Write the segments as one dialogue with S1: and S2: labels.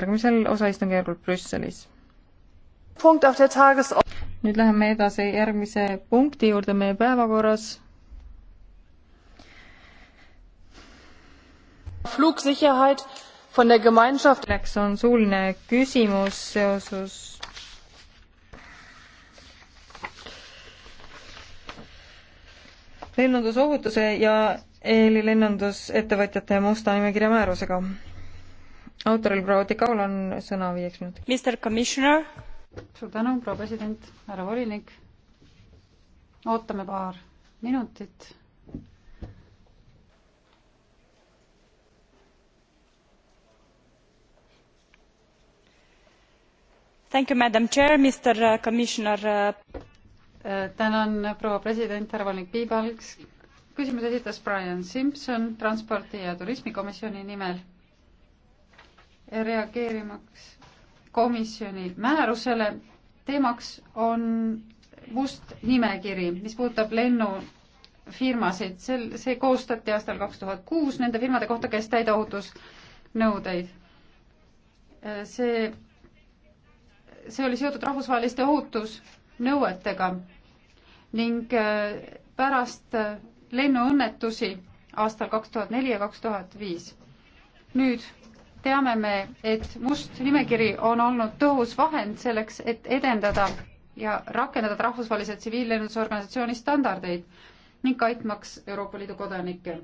S1: järgmisel osaistungjärgul Brüsselis. nüüd läheme edasi järgmise punkti juurde meie päevakorras. Flugsicherheit von der Gemeinschaft. selleks on suuline küsimus seoses lennundusohutuse ja eelilennundusettevõtjate musta nimekirja määrusega autoril proua Tikaul on sõna viieks minutiks.
S2: Mr Commissioner. suur tänu, proua president, härra volinik. ootame paar minutit. Thank you, madam chair, Mr uh, Commissioner. Uh, äh, tänan, proua president, härra volinik Piibalks. küsimuse esitas Brian Simson transpordi ja turismikomisjoni nimel reageerimaks komisjoni määrusele. teemaks on must nimekiri, mis puudutab lennufirmasid, sel, see koostati aastal kaks tuhat kuus nende firmade kohta, kes täida ohutusnõudeid. see, see oli seotud rahvusvaheliste ohutusnõuetega ning äh, pärast äh, lennuõnnetusi aastal kaks tuhat neli ja kaks tuhat viis. nüüd teame me, et must nimekiri on olnud tõhus vahend selleks, et edendada ja rakendada rahvusvahelise tsiviillennundusorganisatsiooni standardeid ning kaitmaks Euroopa Liidu kodanikke.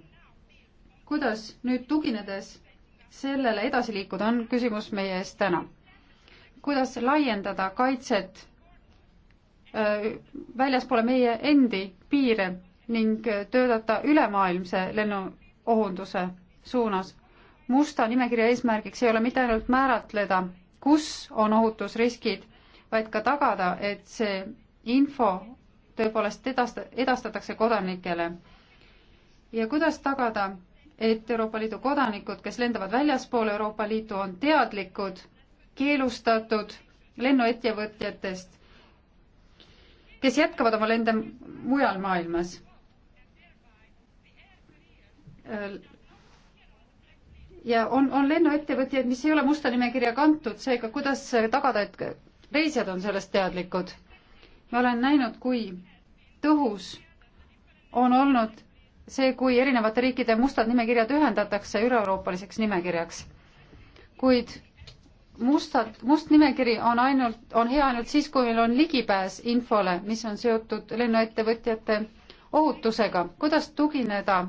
S2: kuidas nüüd tuginedes sellele edasi liikuda, on küsimus meie ees täna. kuidas laiendada kaitset väljaspoole meie endi piire ning töötada ülemaailmse lennuohunduse suunas musta nimekirja eesmärgiks ei ole mitte ainult määratleda, kus on ohutusriskid, vaid ka tagada, et see info tõepoolest edasta-, edastatakse kodanikele. ja kuidas tagada, et Euroopa Liidu kodanikud, kes lendavad väljaspool Euroopa Liitu, on teadlikud keelustatud lennuettevõtjatest, kes jätkavad oma lende mujal maailmas ja on, on lennuettevõtjaid, mis ei ole musta nimekirja kantud, seega kuidas tagada, et reisijad on sellest teadlikud? ma olen näinud, kui tõhus on olnud see, kui erinevate riikide mustad nimekirjad ühendatakse üle-euroopaliseks nimekirjaks. kuid mustad, must nimekiri on ainult, on hea ainult siis, kui meil on ligipääs infole, mis on seotud lennuettevõtjate ohutusega. kuidas tugineda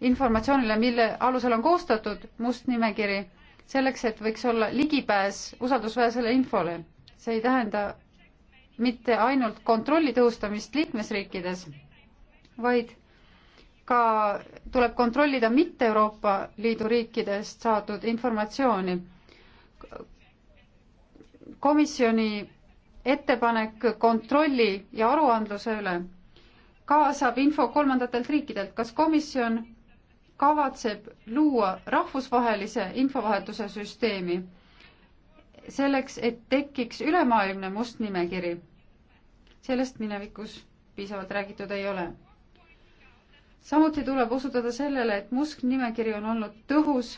S2: informatsioonile, mille alusel on koostatud must nimekiri, selleks, et võiks olla ligipääs usaldusväärsele infole. see ei tähenda mitte ainult kontrolli tõhustamist liikmesriikides, vaid ka tuleb kontrollida mitte Euroopa Liidu riikidest saadud informatsiooni. komisjoni ettepanek kontrolli ja aruandluse üle kaasab info kolmandatelt riikidelt. kas komisjon kavatseb luua rahvusvahelise infovahetuse süsteemi selleks, et tekiks ülemaailmne must nimekiri. sellest minevikus piisavalt räägitud ei ole. samuti tuleb osutada sellele, et must nimekiri on olnud tõhus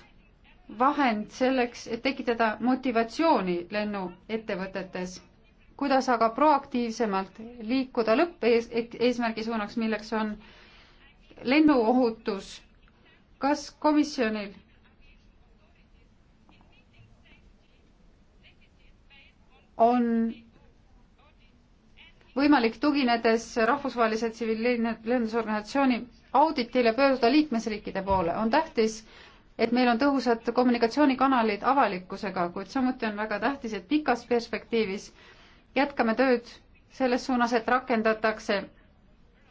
S2: vahend selleks, et tekitada motivatsiooni lennuettevõtetes. kuidas aga proaktiivsemalt liikuda lõppeesmärgi suunaks, milleks on lennuohutus kas komisjonil on võimalik tuginedes rahvusvahelise tsiviillennundusorganisatsiooni auditile pöörduda liikmesriikide poole. on tähtis, et meil on tõhusad kommunikatsioonikanalid avalikkusega, kuid samuti on väga tähtis, et pikas perspektiivis jätkame tööd selles suunas, et rakendatakse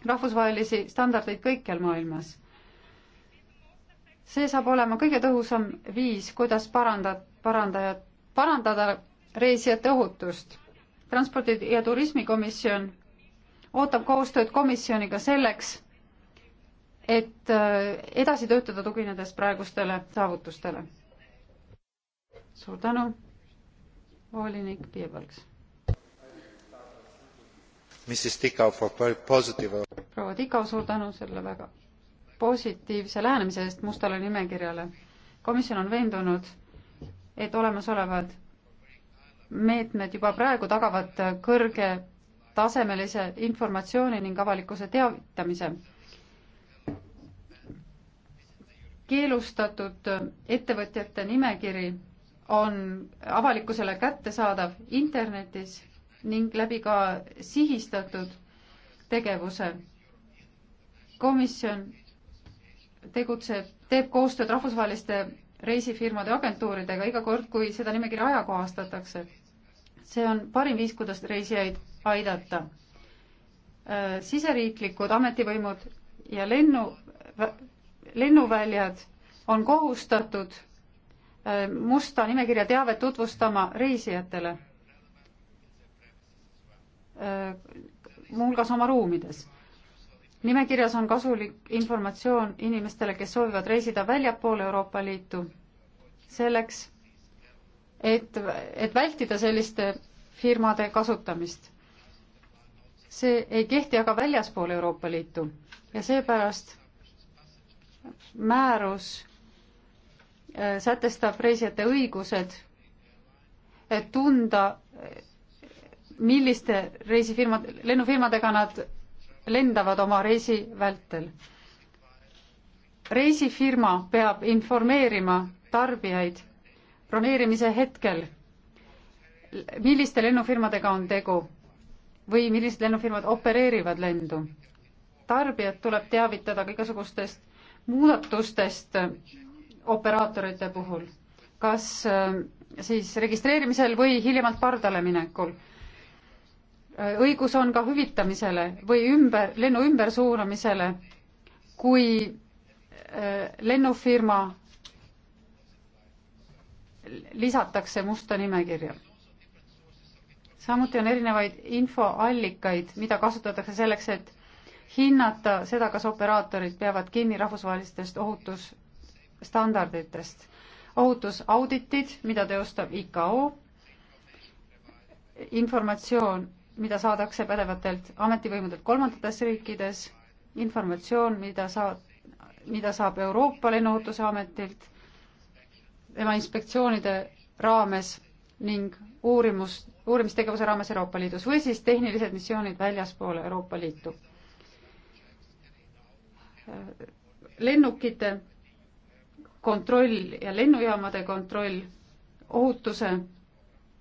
S2: rahvusvahelisi standardeid kõikjal maailmas see saab olema kõige tõhusam viis, kuidas paranda, parandaja, parandada reisijate ohutust. transpordi- ja turismikomisjon ootab koostööd komisjoniga selleks, et äh, edasi töötada, tuginedes praegustele saavutustele. suur tänu, volinik Piibalks. proua Tikau, suur tänu selle väga positiivse lähenemise eest mustale nimekirjale. komisjon on veendunud, et olemasolevad meetmed juba praegu tagavad kõrgetasemelise informatsiooni ning avalikkuse teavitamise. keelustatud ettevõtjate nimekiri on avalikkusele kättesaadav internetis ning läbi ka sihistatud tegevuse. komisjon tegutseb, teeb koostööd rahvusvaheliste reisifirmade ja agentuuridega iga kord, kui seda nimekirja ajakohastatakse. see on parim viis, kuidas reisijaid aidata. Äh, siseriiklikud ametivõimud ja lennu, lennuväljad on kohustatud äh, musta nimekirja teavet tutvustama reisijatele, äh, muuhulgas oma ruumides nimekirjas on kasulik informatsioon inimestele, kes soovivad reisida väljapoole Euroopa Liitu, selleks et, et vältida selliste firmade kasutamist. see ei kehti aga väljaspool Euroopa Liitu ja seepärast määrus äh, sätestab reisijate õigused tunda, äh, milliste reisifirmad, lennufirmadega nad lendavad oma reisi vältel. reisifirma peab informeerima tarbijaid broneerimise hetkel, milliste lennufirmadega on tegu või millised lennufirmad opereerivad lendu. tarbijad tuleb teavitada ka igasugustest muudatustest operaatorite puhul, kas äh, siis registreerimisel või hiljemalt pardale minekul Äh, õigus on ka hüvitamisele või ümber, lennu ümbersuunamisele, kui äh, lennufirma lisatakse musta nimekirja. samuti on erinevaid infoallikaid, mida kasutatakse selleks, et hinnata seda, kas operaatorid peavad kinni rahvusvahelistest ohutusstandarditest. ohutusauditid, mida teostab IKO, informatsioon mida saadakse pädevatelt ametivõimudelt kolmandates riikides, informatsioon, mida saa, mida saab Euroopa Lennuohutuse Ametilt, tema inspektsioonide raames ning uurimus, uurimistegevuse raames Euroopa Liidus või siis tehnilised missioonid väljaspoole Euroopa Liitu. lennukite kontroll ja lennujaamade kontroll ohutuse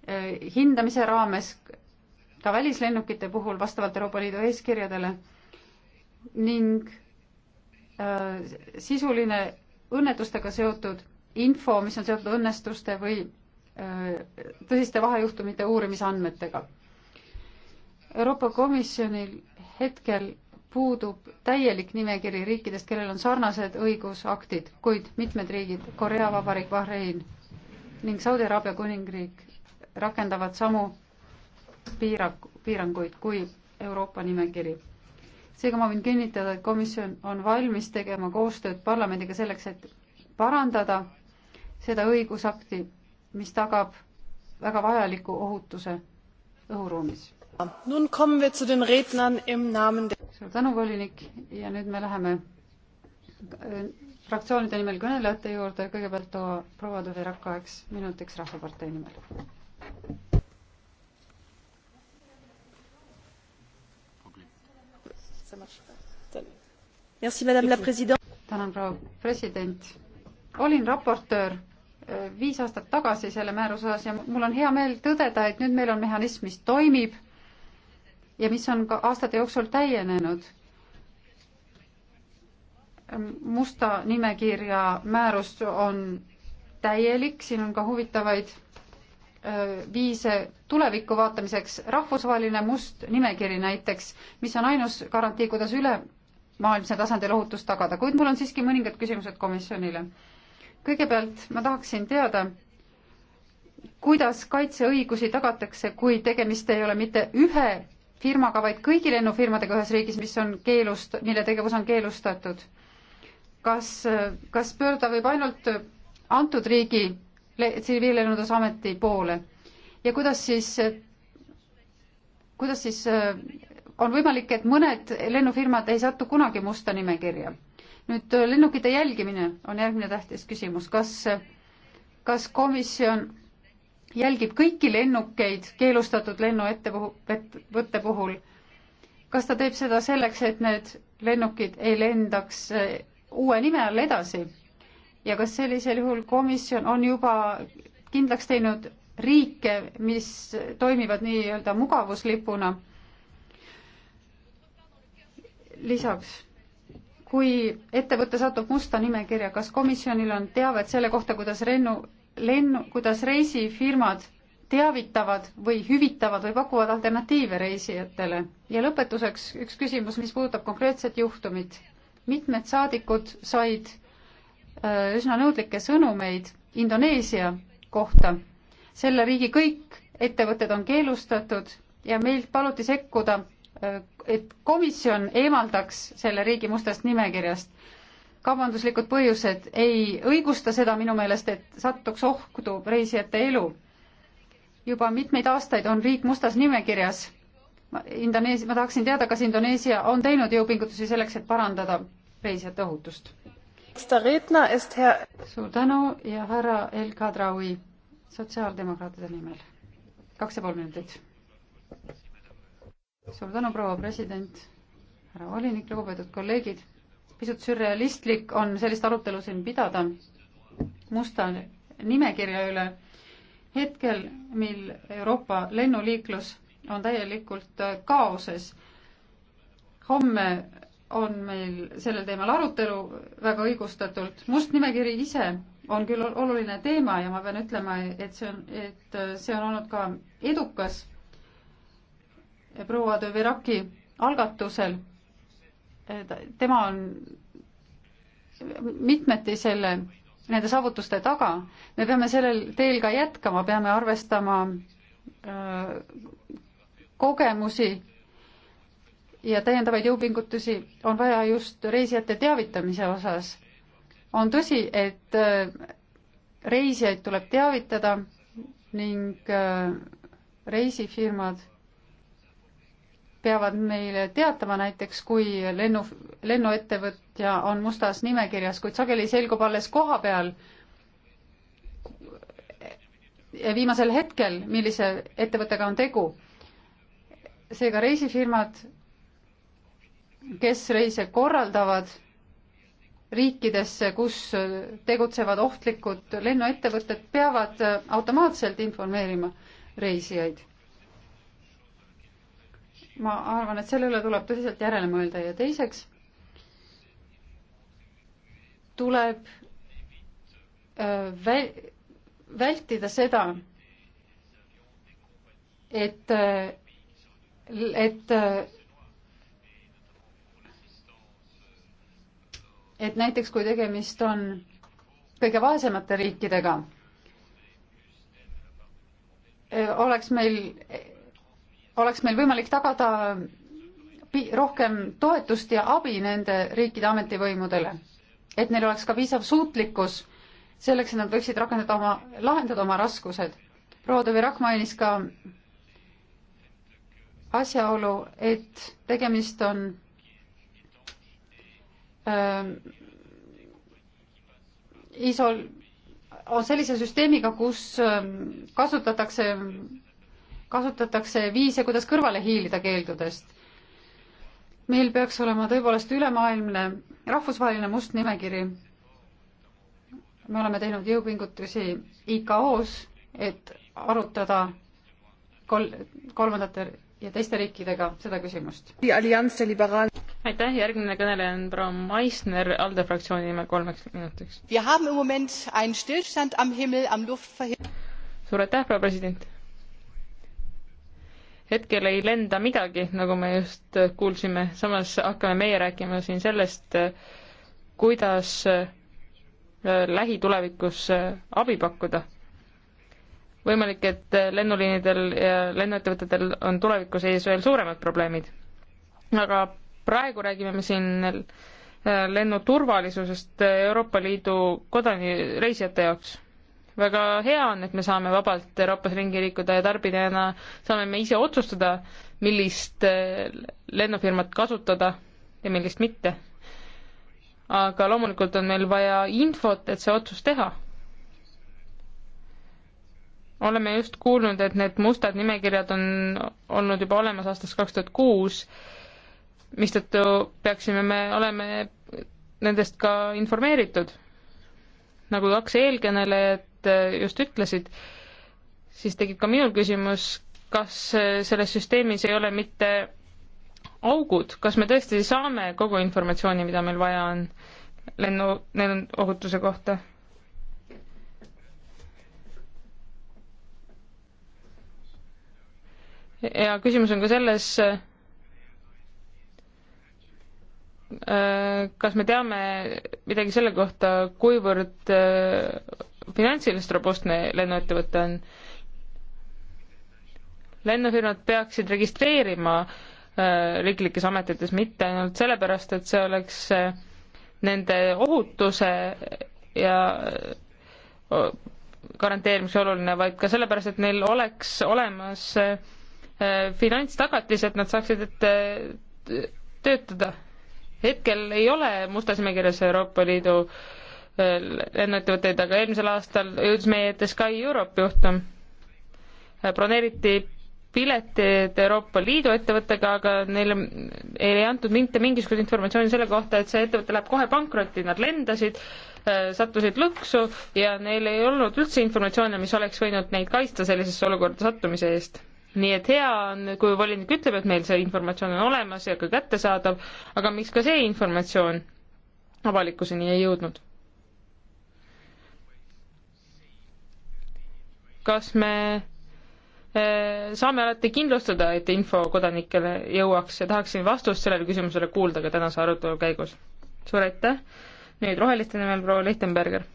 S2: eh, hindamise raames ka välislennukite puhul vastavalt Euroopa Liidu eeskirjadele ning äh, sisuline õnnetustega seotud info, mis on seotud õnnestuste või äh, tõsiste vahejuhtumite uurimisandmetega. Euroopa Komisjonil hetkel puudub täielik nimekiri riikidest, kellel on sarnased õigusaktid, kuid mitmed riigid, Korea Vabariik, Bahrein ning Saudi Araabia kuningriik rakendavad samu piirang, piiranguid kui Euroopa nimekiri. seega ma võin kinnitada, et komisjon on valmis tegema koostööd parlamendiga selleks, et parandada seda õigusakti, mis tagab väga vajaliku ohutuse õhuruumis. suur tänu, volinik, ja nüüd me läheme äh, fraktsioonide nimel kõnelejate juurde, kõigepealt proua Tõvi Rakk kaheks minutiks Rahvapartei nimel. tänan, proua president. olin raportöör äh, viis aastat tagasi selle määruse osas ja mul on hea meel tõdeda, et nüüd meil on mehhanism, mis toimib ja mis on ka aastate jooksul täienenud. Äh, musta nimekirja määrus on täielik, siin on ka huvitavaid Äh, viis tulevikku vaatamiseks, rahvusvaheline must nimekiri näiteks, mis on ainus garantii, kuidas ülemaailmsel tasandil ohutus tagada, kuid mul on siiski mõningad küsimused komisjonile. kõigepealt ma tahaksin teada, kuidas kaitseõigusi tagatakse, kui tegemist ei ole mitte ühe firmaga, vaid kõigi lennufirmadega ühes riigis, mis on keelust, mille tegevus on keelustatud. kas, kas pöörda võib ainult antud riigi tsiviillennundusameti poole ja kuidas siis, kuidas siis äh, on võimalik, et mõned lennufirmad ei satu kunagi musta nimekirja. nüüd äh, lennukite jälgimine on järgmine tähtis küsimus, kas, kas komisjon jälgib kõiki lennukeid keelustatud lennuette puhul, võtte puhul, kas ta teeb seda selleks, et need lennukid ei lendaks äh, uue nime all edasi ja kas sellisel juhul komisjon on juba kindlaks teinud riike, mis toimivad nii-öelda mugavuslipuna? lisaks, kui ettevõte satub musta nimekirja, kas komisjonil on teavet selle kohta, kuidas lennu, lennu, kuidas reisifirmad teavitavad või hüvitavad või pakuvad alternatiive reisijatele. ja lõpetuseks üks küsimus, mis puudutab konkreetset juhtumit. mitmed saadikud said Äh, üsna nõudlikke sõnumeid Indoneesia kohta. selle riigi kõik ettevõtted on keelustatud ja meilt paluti sekkuda, äh, et komisjon eemaldaks selle riigi mustast nimekirjast. kaubanduslikud põhjused ei õigusta seda minu meelest, et satuks ohtu reisijate elu. juba mitmeid aastaid on riik mustas nimekirjas. Indoneesia, ma tahaksin teada, kas Indoneesia on teinud jõupingutusi selleks, et parandada reisijate ohutust? suur tänu ja härra El Kadraoui sotsiaaldemokraatide nimel. kaks ja pool minutit. suur tänu, proua president, härra volinik, lugupeetud kolleegid. pisut sürrealistlik on sellist arutelu siin pidada musta nimekirja üle hetkel, mil Euroopa lennuliiklus on täielikult kaoses. homme on meil sellel teemal arutelu väga õigustatult. must nimekiri ise on küll oluline teema ja ma pean ütlema, et see on, et äh, see on olnud ka edukas proua de Veraki algatusel. tema on mitmeti selle, nende saavutuste taga. me peame sellel teel ka jätkama, peame arvestama öö, äh, kogemusi ja täiendavaid jõupingutusi on vaja just reisijate teavitamise osas. on tõsi, et äh, reisijaid tuleb teavitada ning äh, reisifirmad peavad meile teatama näiteks, kui lennu, lennuettevõtja on mustas nimekirjas, kuid sageli selgub alles koha peal, äh, viimasel hetkel, millise ettevõttega on tegu. seega reisifirmad kes reise korraldavad riikidesse, kus tegutsevad ohtlikud lennuettevõtted, peavad automaatselt informeerima reisijaid. ma arvan, et selle üle tuleb tõsiselt järele mõelda ja teiseks tuleb äh, väl-, vältida seda, et, äh, et äh, et näiteks kui tegemist on kõige vaesemate riikidega, e, oleks meil, oleks meil võimalik tagada rohkem toetust ja abi nende riikide ametivõimudele, et neil oleks ka piisav suutlikkus selleks, et nad võiksid rakendada oma, lahendada oma raskused. proua Tõvirak mainis ka asjaolu, et tegemist on isol-, sellise süsteemiga, kus kasutatakse, kasutatakse viise, kuidas kõrvale hiilida keeldudest. meil peaks olema tõepoolest ülemaailmne rahvusvaheline must nimekiri. me oleme teinud jõupingutusi IKO-s, et arutada kol-, kolmandate ja teiste riikidega seda küsimust
S3: aitäh, järgmine kõneleja on proua Maisner ALDE fraktsiooni nimel kolmeks minutiks.
S2: suur aitäh, proua president.
S3: hetkel ei lenda midagi, nagu me just kuulsime, samas hakkame meie rääkima siin sellest, kuidas äh, lähitulevikus äh, abi pakkuda. võimalik, et lennuliinidel ja lennuettevõtetel on tulevikus ees veel suuremad probleemid. aga praegu räägime me siin äh, lennuturvalisusest Euroopa Liidu kodani-, reisijate jaoks. väga hea on, et me saame vabalt Euroopas ringi liikuda ja tarbijana saame me ise otsustada, millist äh, lennufirmat kasutada ja millist mitte. aga loomulikult on meil vaja infot, et see otsus teha. oleme just kuulnud, et need mustad nimekirjad on olnud juba olemas aastast kaks tuhat kuus mistõttu peaksime me olema nendest ka informeeritud. nagu kaks eelkõnelejat äh, just ütlesid, siis tekib ka minul küsimus, kas äh, selles süsteemis ei ole mitte augud, kas me tõesti saame kogu informatsiooni, mida meil vaja on lennu, lennuohutuse kohta? ja küsimus on ka selles, Äh, kas me teame midagi selle kohta, kuivõrd äh, finantsiliselt robustne lennuettevõte on? lennufirmad peaksid registreerima äh, riiklikes ametites, mitte ainult sellepärast, et see oleks nende ohutuse ja garanteerimise oluline, vaid ka sellepärast, et neil oleks olemas finantstagatis, et nad saaksid töötada hetkel ei ole mustas nimekirjas Euroopa Liidu äh, lennuettevõtteid, aga eelmisel aastal jõudis meie ette Sky Europe juhtum. Äh, broneeriti piletid Euroopa Liidu ettevõttega, aga neile ei antud mitte mingisugust informatsiooni selle kohta, et see ettevõte läheb kohe pankrotti, nad lendasid, äh, sattusid lõksu ja neil ei olnud üldse informatsiooni, mis oleks võinud neid kaitsta sellisesse olukorda sattumise eest nii et hea on, kui volinik ütleb, et meil see informatsioon on olemas ja ka kättesaadav, aga miks ka see informatsioon avalikkuseni ei jõudnud? kas me eh, saame alati kindlustada, et info kodanikele jõuaks ja tahaksin vastust sellele küsimusele kuulda ka tänase arutelu käigus. suur aitäh, nüüd roheliste nimel proua Lichtenberger.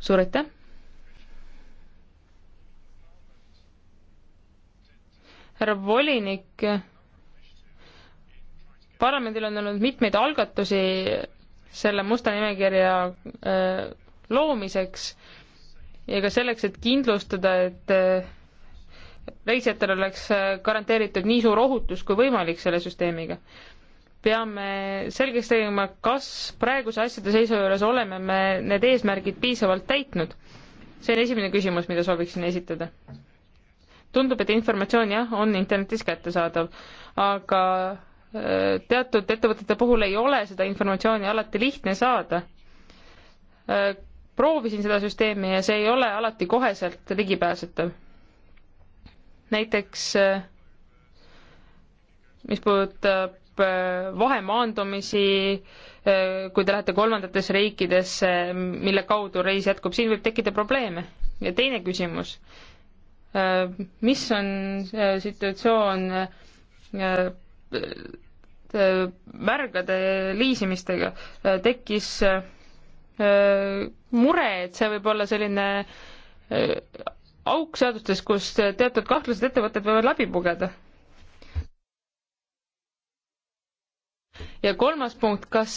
S3: suur aitäh härra volinik, parlamendil on olnud mitmeid algatusi selle musta nimekirja äh, loomiseks ja ka selleks, et kindlustada, et äh, reisijatel oleks äh, garanteeritud nii suur ohutus kui võimalik selle süsteemiga. peame selgeks tegema, kas praeguse asjade seisu juures oleme me need eesmärgid piisavalt täitnud. see on esimene küsimus, mida sooviksin esitada tundub, et informatsioon jah, on internetis kättesaadav, aga äh, teatud ettevõtete puhul ei ole seda informatsiooni alati lihtne saada. Äh, proovisin seda süsteemi ja see ei ole alati koheselt ligipääsetav. näiteks äh, mis puudutab vahemaandumisi, kui te lähete kolmandatesse riikidesse, mille kaudu reis jätkub, siin võib tekkida probleeme. ja teine küsimus, Äh, mis on äh, situatsioon märgade äh, liisimistega, tekkis mure, et see võib olla selline auk seadustes, kus teatud kahtlased ettevõtted võivad läbi pugeda. ja kolmas punkt, kas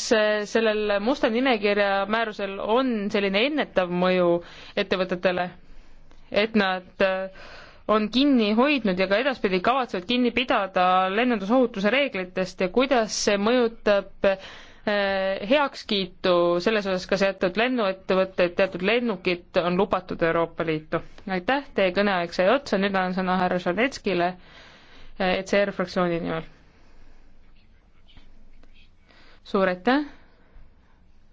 S3: sellel musta nimekirja määrusel on selline ennetav mõju ettevõtetele, et nad äh, on kinni hoidnud ja ka edaspidi kavatsevad kinni pidada lennundusohutuse reeglitest ja kuidas see mõjutab äh, heakskiitu selles osas, kas teatud lennuettevõtted, teatud lennukid on lubatud Euroopa Liitu. aitäh, teie kõneaeg sai otsa, nüüd annan sõna härra Žanetskile äh, ECR fraktsiooni nimel. suur aitäh,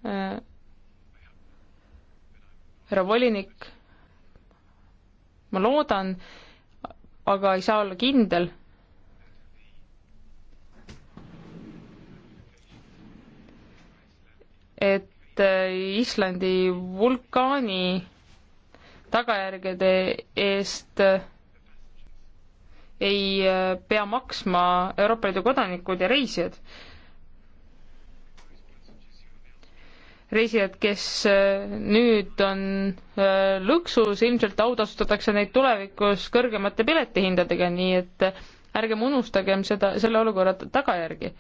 S3: härra volinik ma loodan, aga ei saa olla kindel. et äh, Islandi vulkaani tagajärgede eest äh, ei äh, pea maksma Euroopa Liidu kodanikud ja reisijad reisijad, kes äh, nüüd on äh, lõksus, ilmselt autasustatakse neid tulevikus kõrgemate piletihindadega, nii et äh, ärgem unustagem seda, selle olukorra tagajärgi.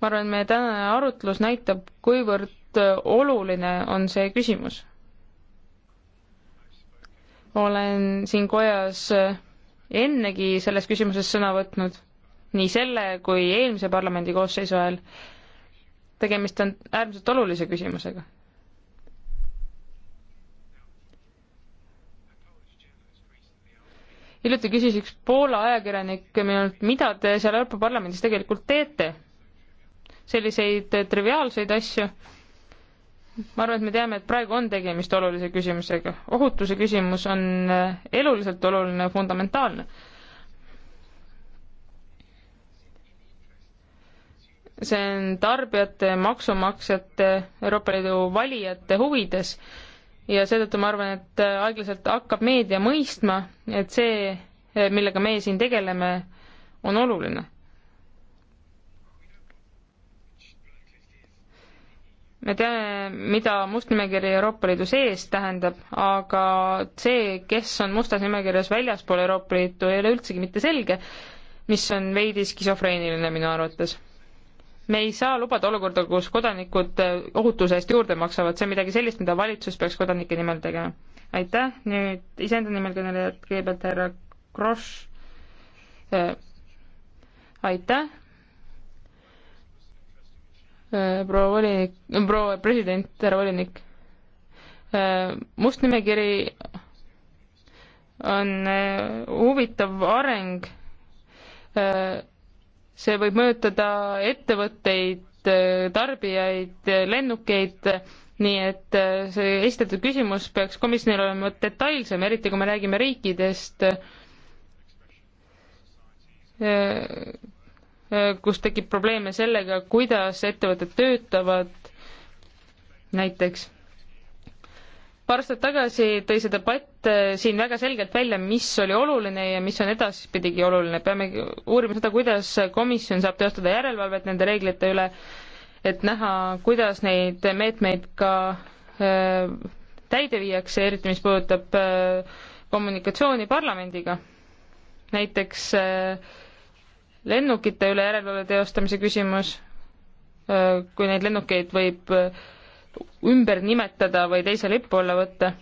S3: ma arvan, meie tänane arutlus näitab, kuivõrd oluline on see küsimus. olen siin kojas ennegi selles küsimuses sõna võtnud nii selle kui eelmise parlamendi koosseisu ajal. tegemist on äärmiselt olulise küsimusega. hiljuti küsis üks Poola ajakirjanik minult, mida te seal Euroopa Parlamendis tegelikult teete? selliseid triviaalseid asju ma arvan, et me teame, et praegu on tegemist olulise küsimusega. ohutuse küsimus on eluliselt oluline, fundamentaalne. see on tarbijate, maksumaksjate, Euroopa Liidu valijate huvides ja seetõttu ma arvan, et äh, aeglaselt hakkab meedia mõistma, et see, äh, millega meie siin tegeleme, on oluline. me teame, mida must nimekiri Euroopa Liidu sees tähendab, aga see, kes on mustas nimekirjas väljaspool Euroopa Liitu, ei ole üldsegi mitte selge, mis on veidi skisofreeniline minu arvates me ei saa lubada olukorda, kus kodanikud äh, ohutuse eest juurde maksavad, see on midagi sellist, mida valitsus peaks kodanike nimel tegema. aitäh, nüüd iseenda nimel kõnelejad, kõigepealt härra Kross. Äh, aitäh. Äh, proua volinik, proua president, härra volinik. must nimekiri on huvitav areng see võib mõjutada ettevõtteid, tarbijaid, lennukeid, nii et äh, see esitatud küsimus peaks komisjonil olema detailsem, eriti kui me räägime riikidest, äh, äh, kus tekib probleeme sellega, kuidas ettevõtted töötavad näiteks paar aastat tagasi tõi see debatt äh, siin väga selgelt välja, mis oli oluline ja mis on edaspidigi oluline. peame uurima seda, kuidas komisjon saab teostada järelevalvet nende reeglite üle, et näha, kuidas neid meetmeid ka äh, täide viiakse, eriti mis puudutab äh, kommunikatsiooni parlamendiga. näiteks äh, lennukite üle järelevalve teostamise küsimus, äh, kui neid lennukeid võib äh, ümber nimetada või teise lipu alla võtta.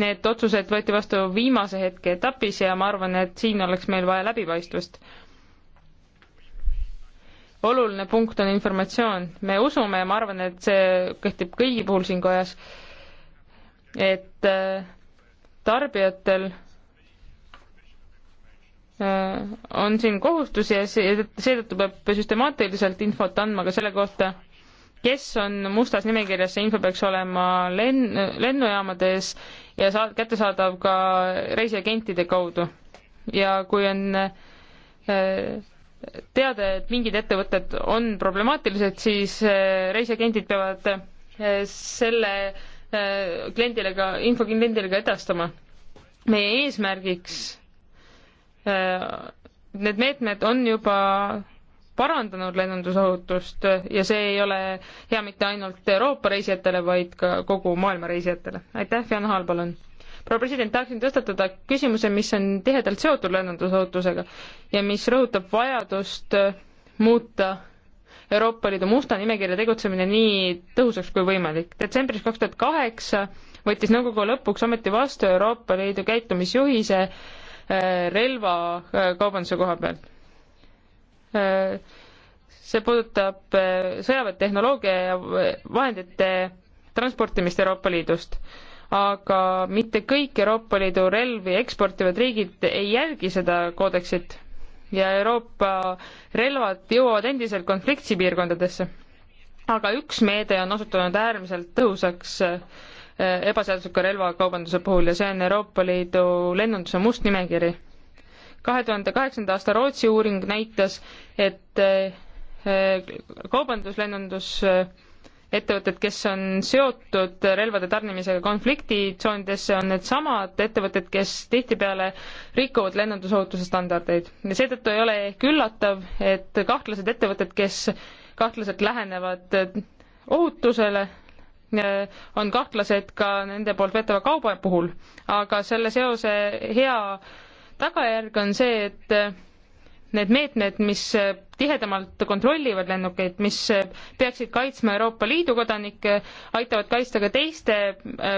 S3: Need otsused võeti vastu viimase hetke etapis ja ma arvan, et siin oleks meil vaja läbipaistvust. oluline punkt on informatsioon. me usume ja ma arvan, et see kehtib kõigi puhul siin kojas, et äh, tarbijatel äh, on siin kohustusi ja seetõttu peab süstemaatiliselt infot andma ka selle kohta, kes on mustas nimekirjas, see info peaks olema lenn, lennujaamades ja saa-, kättesaadav ka reisiagentide kaudu. ja kui on äh, teada, et mingid ettevõtted on problemaatilised, siis äh, reisiagendid peavad äh, selle kliendile ka, info kliendile ka edastama. meie eesmärgiks, need meetmed on juba parandanud lennundusohutust ja see ei ole hea mitte ainult Euroopa reisijatele, vaid ka kogu maailma reisijatele. aitäh, Jan Haal, palun! proua president, tahaksin tõstatada küsimuse, mis on tihedalt seotud lennundusohutusega ja mis rõhutab vajadust muuta Euroopa Liidu musta nimekirja tegutsemine nii tõhusaks kui võimalik. detsembris kaks tuhat kaheksa võttis nõukogu lõpuks ometi vastu Euroopa Liidu käitumisjuhise eh, relvakaubanduse eh, koha pealt see puudutab eh, sõjaväetehnoloogia ja vahendite transportimist Euroopa Liidust. aga mitte kõik Euroopa Liidu relvi eksportivad riigid ei järgi seda koodeksit ja Euroopa relvad jõuavad endiselt konfliktsipiirkondadesse. aga üks meede on osutunud äärmiselt tõhusaks eh, ebaseadusliku relvakaubanduse puhul ja see on Euroopa Liidu lennunduse must nimekiri kahe tuhande kaheksanda aasta Rootsi uuring näitas, et eh, kaubanduslennundus ettevõtted, kes on seotud relvade tarnimisega konfliktitsoonidesse, on needsamad ettevõtted, kes tihtipeale rikuvad lennundusohutuse standardeid. ja seetõttu ei ole ehk üllatav, et kahtlased ettevõtted, kes kahtlaselt lähenevad eh, ohutusele, eh, on kahtlased ka nende poolt veetava kauba puhul, aga selle seose hea tagajärg on see, et eh, need meetmed, mis eh, tihedamalt kontrollivad lennukeid, mis eh, peaksid kaitsma Euroopa Liidu kodanikke, aitavad kaitsta ka teiste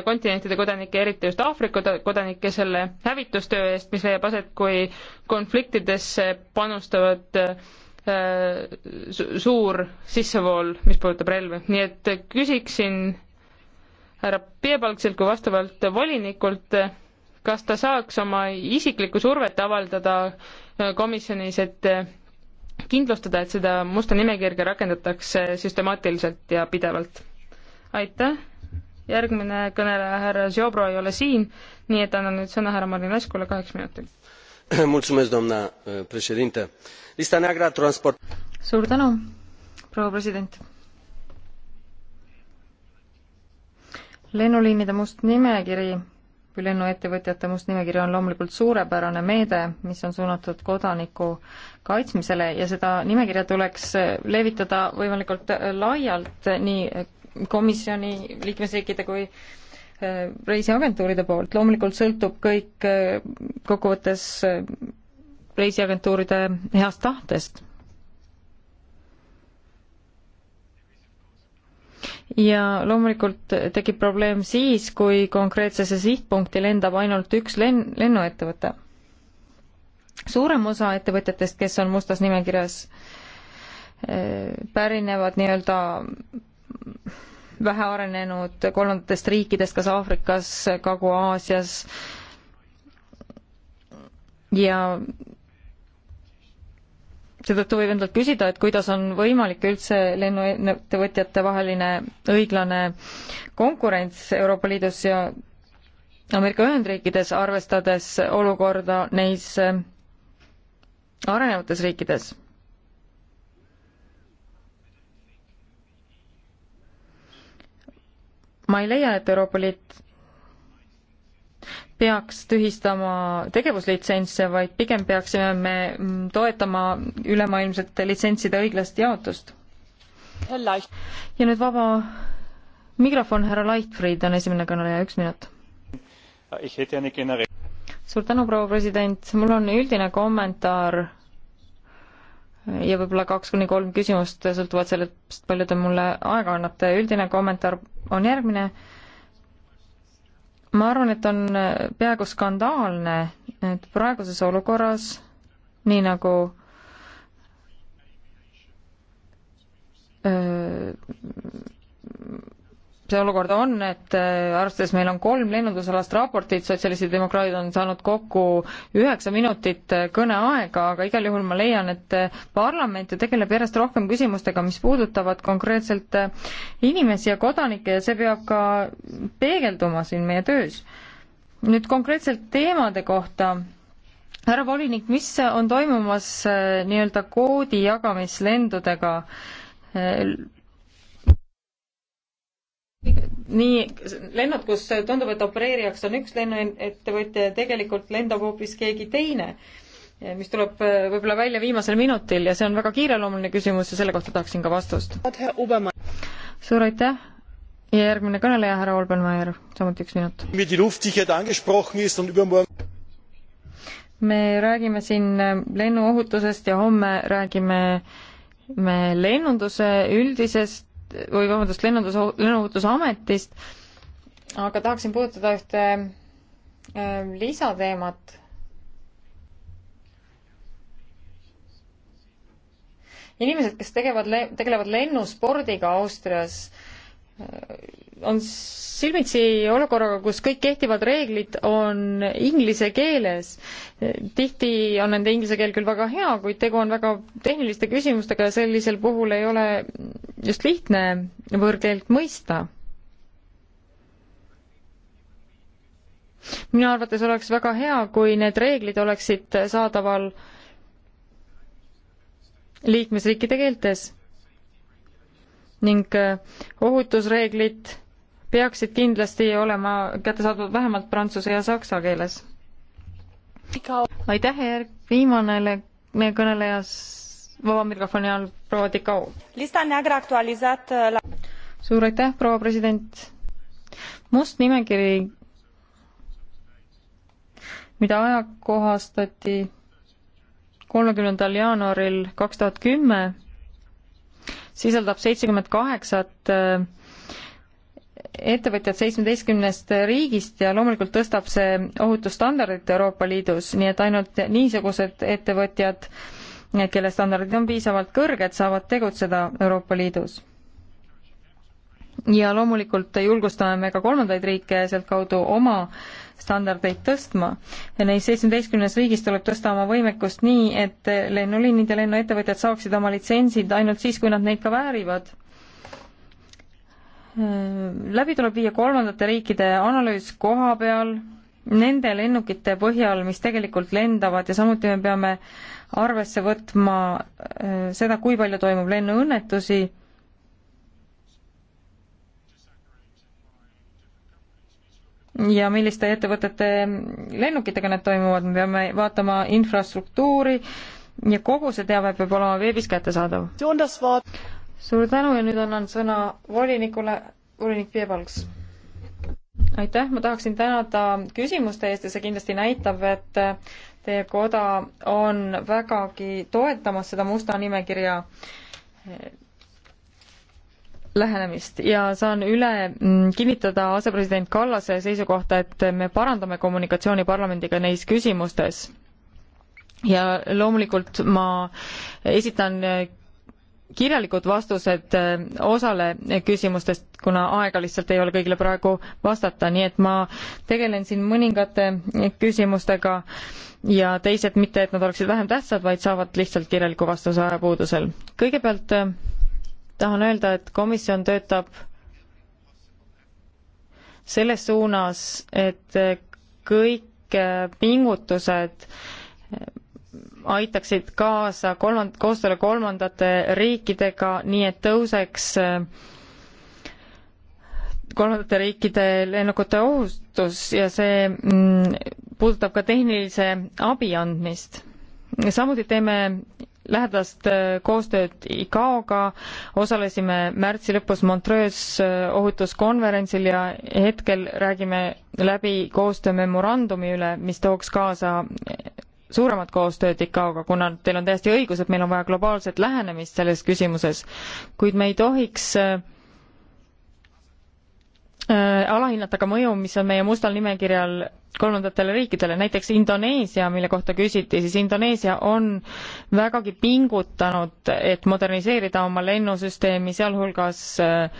S3: kontinentide kodanikke, eriti just Aafrika kodanikke selle hävitustöö eest, mis leiab aset, kui konfliktidesse panustavad suur sissevool, mis puudutab relvi, nii et küsiksin härra Piepalgselt kui vastavalt volinikult, kas ta saaks oma isiklikku survet avaldada äh, komisjonis, et äh, kindlustada, et seda musta nimekirja rakendatakse süstemaatiliselt ja pidevalt. aitäh, järgmine kõneleja, härra Zjobro ei ole siin, nii et annan nüüd sõna härra Marinescule kaheks minutiks.
S1: Äh, lista neagră a transport. suur tänu, proua president lennuliinide must nimekiri kui lennuettevõtjate must nimekiri on loomulikult suurepärane meede, mis on suunatud kodaniku kaitsmisele ja seda nimekirja tuleks levitada võimalikult laialt nii komisjoni liikmesriikide kui äh, reisiagentuuride poolt, loomulikult sõltub kõik äh, kokkuvõttes äh, reisiagentuuride heast tahtest. ja loomulikult tekib probleem siis, kui konkreetsesse sihtpunkti lendab ainult üks len-, lennuettevõte. suurem osa ettevõtjatest, kes on mustas nimekirjas, eh, pärinevad nii-öelda vähearenenud kolmandatest riikidest, kas Aafrikas, Kagu-Aasias ja seetõttu võib endalt küsida, et kuidas on võimalik üldse lennuettevõtjate vaheline õiglane konkurents Euroopa Liidus ja Ameerika Ühendriikides, arvestades olukorda neis äh, arenevates riikides ma ei leia, et Euroopa Liit peaks tühistama tegevuslitsentse, vaid pigem peaksime me toetama ülemaailmsete litsentside õiglast jaotust. ja nüüd vaba mikrofon, härra Leichtfried on esimene kõneleja, üks minut. suur tänu, proua president, mul on üldine kommentaar ja võib-olla kaks kuni kolm küsimust, sõltuvalt sellest, palju te mulle aega annate, üldine kommentaar on järgmine ma arvan, et on äh, peaaegu skandaalne, et praeguses olukorras, nii nagu öö, äh, see olukord on, et äh, arvestades meil on kolm lennundusalast raportit, sotsialistid ja demokraadid on saanud kokku üheksa minutit äh, kõneaega, aga igal juhul ma leian, et äh, parlament ju tegeleb järjest rohkem küsimustega, mis puudutavad konkreetselt inimesi ja kodanikke ja see peab ka peegelduma siin meie töös. nüüd konkreetselt teemade kohta härra volinik, mis on toimumas nii-öelda koodi jagamislendudega? nii lennud, kus tundub, et opereerijaks on üks lennuettevõtja ja tegelikult lendab hoopis keegi teine, mis tuleb äh, võib-olla välja viimasel minutil ja see on väga kiireloomuline küsimus ja selle kohta tahaksin ka vastust. suur aitäh ja järgmine kõneleja, härra Olbenmaier, samuti üks minut. me räägime siin äh, lennuohutusest ja homme räägime me lennunduse üldisest või vabandust, lennundus, lennuohutusametist, aga tahaksin puudutada ühte ähm, lisateemat. inimesed, kes tegevad, tegelevad lennuspordiga Austrias, äh, on silmitsi olukorraga, kus kõik kehtivad reeglid on inglise keeles. tihti on nende inglise keel küll väga hea, kuid tegu on väga tehniliste küsimustega ja sellisel puhul ei ole just lihtne võõrkeelt mõista. minu arvates oleks väga hea, kui need reeglid oleksid saadaval liikmesriikide keeltes ning äh, ohutusreeglid peaksid kindlasti olema kättesaadavad vähemalt prantsuse ja saksa keeles. aitäh, Erik, viimane kõneleja vaba mikrofoni all proua Tikau. suur aitäh, proua president. must nimekiri, mida ajakohastati kolmekümnendal jaanuaril kaks tuhat kümme, sisaldab seitsekümmend kaheksat eh, ettevõtjad seitsmeteistkümnest riigist ja loomulikult tõstab see ohutusstandardit Euroopa Liidus, nii et ainult niisugused ettevõtjad äh, kelle standardid on piisavalt kõrged, saavad tegutseda Euroopa Liidus. ja loomulikult julgustame me ka kolmandaid riike sealtkaudu oma standardeid tõstma. Neis seitsmeteistkümnes riigis tuleb tõsta oma võimekust nii, et lennuliinid ja lennuettevõtjad saaksid oma litsentsid ainult siis, kui nad neid ka väärivad läbi tuleb viia kolmandate riikide analüüs koha peal, nende lennukite põhjal, mis tegelikult lendavad ja samuti me peame arvesse võtma äh, seda, kui palju toimub lennuõnnetusi ja milliste ettevõtete lennukitega need toimuvad, me peame vaatama infrastruktuuri ja kogu see teave peab olema veebis kättesaadav. suur tänu ja nüüd annan sõna volinikule, volinik Piebalgs. aitäh, ma tahaksin tänada küsimuste eest ja see kindlasti näitab, et Teie koda on vägagi toetamas seda musta nimekirja eh, lähenemist ja saan üle mm, kinnitada asepresident Kallase seisukohta, et me parandame kommunikatsiooni parlamendiga neis küsimustes. ja loomulikult ma esitan eh, kirjalikud vastused eh, osale küsimustest, kuna aega lihtsalt ei ole kõigile praegu vastata, nii et ma tegelen siin mõningate küsimustega ja teised mitte, et nad oleksid vähem tähtsad, vaid saavad lihtsalt kirjaliku vastuse ajapuudusel. kõigepealt äh, tahan öelda, et komisjon töötab selles suunas, et äh, kõik äh, pingutused aitaksid kaasa kolmand-, koostööle kolmandate riikidega, nii et tõuseks kolmandate riikide lennukute ohutus ja see mm, puudutab ka tehnilise abi andmist. samuti teeme lähedast äh, koostööd ICAO-ga, osalesime märtsi lõpus Montreux äh, ohutuskonverentsil ja hetkel räägime läbi koostöömemorandumi üle, mis tooks kaasa äh, suuremat koostööd ICAO-ga, kuna teil on täiesti õigus, et meil on vaja globaalset lähenemist selles küsimuses, kuid me ei tohiks alahinnata ka mõju, mis on meie mustal nimekirjal kolmandatele riikidele, näiteks Indoneesia, mille kohta küsiti, siis Indoneesia on vägagi pingutanud, et moderniseerida oma lennusüsteemi, sealhulgas eh,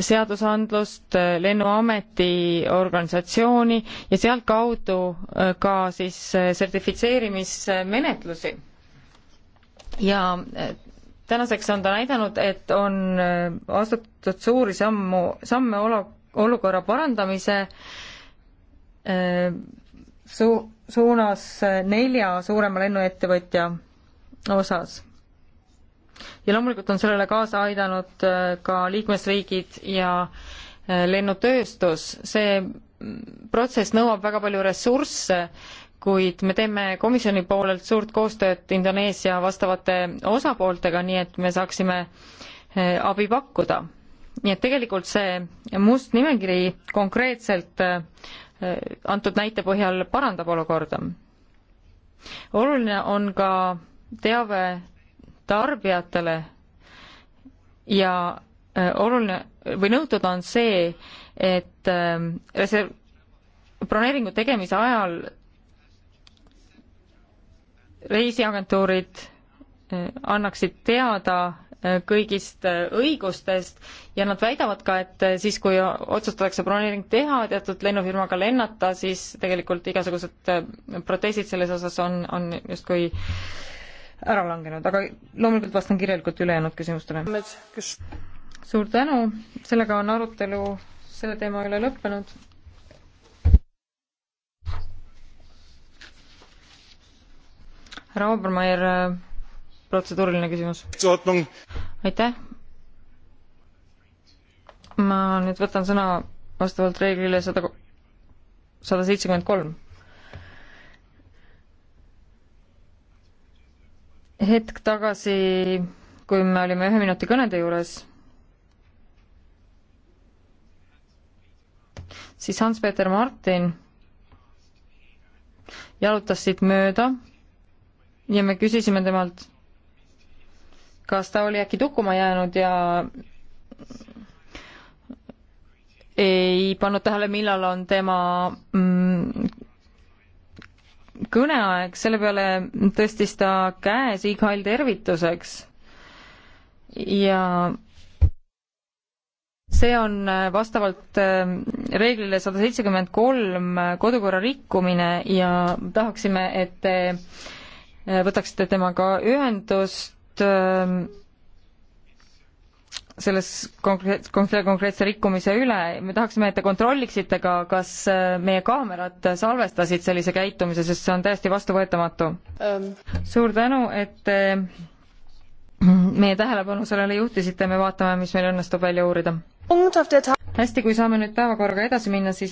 S1: seadusandlust, eh, lennuameti organisatsiooni ja sealtkaudu eh, ka siis sertifitseerimismenetlusi. ja tänaseks on ta näidanud, et on astutud suuri sammu, samme olu-, olukorra parandamise äh, Äh, su-, suunas nelja suurema lennuettevõtja osas. ja loomulikult on sellele kaasa aidanud äh, ka liikmesriigid ja äh, lennutööstus, see protsess nõuab väga palju ressursse, kuid me teeme komisjoni poolelt suurt koostööd Indoneesia vastavate osapooltega, nii et me saaksime abi pakkuda. nii et tegelikult see must nimekiri konkreetselt antud näite põhjal parandab olukorda. oluline on ka teave tarbijatele ja e, oluline või nõutud on see, et e, reserv, broneeringu tegemise ajal reisiagentuurid e, annaksid teada Äh, kõigist äh, õigustest ja nad väidavad ka, et äh, siis, kui otsustatakse broneering teha, teatud lennufirmaga lennata, siis tegelikult igasugused protestid selles osas on, on justkui ära langenud, aga loomulikult vastan kirjalikult ülejäänud küsimustele. suur tänu, sellega on arutelu selle teema üle lõppenud. härra Obermeier protseduuriline küsimus. aitäh. ma nüüd võtan sõna vastavalt reeglile sada, sada seitsekümmend kolm. hetk tagasi, kui me olime ühe minuti kõnede juures, siis Hans-Peter Martin jalutas siit mööda ja me küsisime temalt kas ta oli äkki tukkuma jäänud ja ei pannud tähele, millal on tema mm, kõneaeg, selle peale tõstis ta käe Siegheil tervituseks ja see on vastavalt äh, reeglile sada seitsekümmend kolm kodukorra rikkumine ja tahaksime, et te äh, võtaksite temaga ühendust nüüd ähm, selles konkreet-, konkreetse, konkreetse rikkumise üle, me tahaksime, et te kontrolliksite ka, kas äh, meie kaamerad salvestasid sellise käitumise, sest see on täiesti vastuvõetamatu um.. suur tänu, et te meie tähelepanu sellele juhtisite, me vaatame, mis meil õnnestub välja uurida. hästi, kui saame nüüd päevakorraga edasi minna, siis